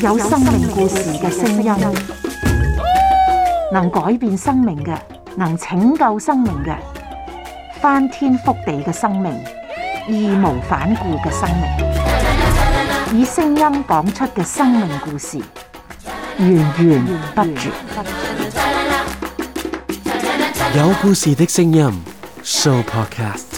有生命故事嘅聲音，能改變生命嘅，能拯救生命嘅，翻天覆地嘅生命，義無反顧嘅生命，以聲音講出嘅生命故事，源源不絕。有故事嘅聲音，Show Podcast。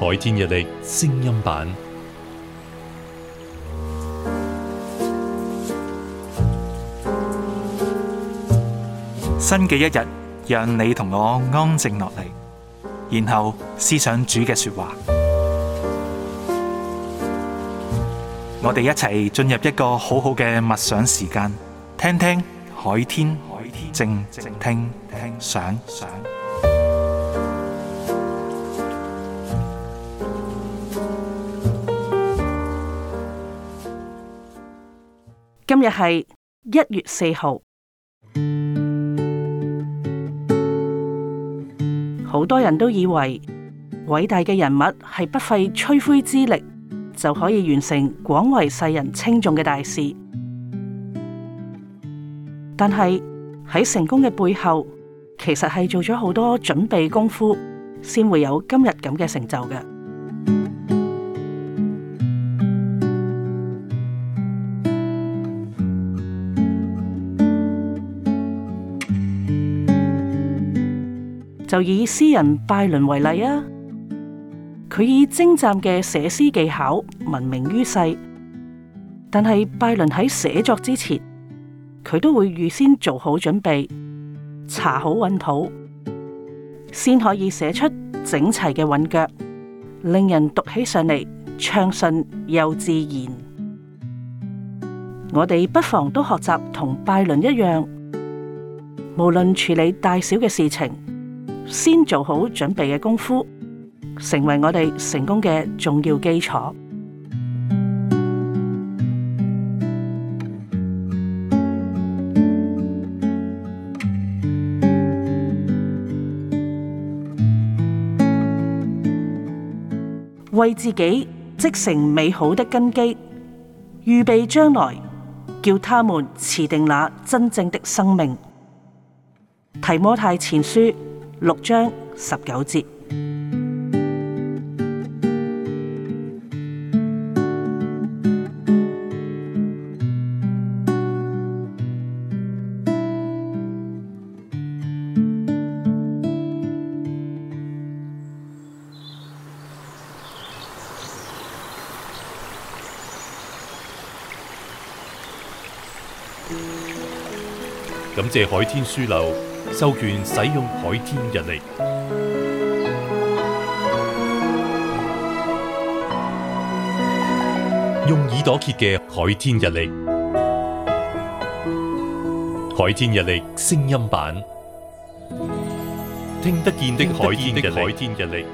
海天日曆聲音版，新嘅一日，讓你同我安靜落嚟，然後思想主嘅說話，我哋一齊進入一個好好嘅默想時間，聽聽海天，靜靜聽聽想想。今日係一月四號，好多人都以為偉大嘅人物係不費吹灰之力就可以完成廣為世人稱重嘅大事，但係喺成功嘅背後，其實係做咗好多準備功夫，先會有今日咁嘅成就嘅。就以詩人拜倫為例啊，佢以精湛嘅寫詩技巧聞名於世。但係拜倫喺寫作之前，佢都會預先做好準備，查好韻譜，先可以寫出整齊嘅韻腳，令人讀起上嚟暢順又自然。我哋不妨都學習同拜倫一樣，無論處理大小嘅事情。先做好準備嘅功夫，成為我哋成功嘅重要基礎。為自己積成美好的根基，預備將來，叫他們持定那真正的生命。提摩太前書。六章十九節，感謝海天書樓。授權使用海天日曆，用耳朵揭嘅海天日曆，海天日曆聲音版，聽得見的海天日曆。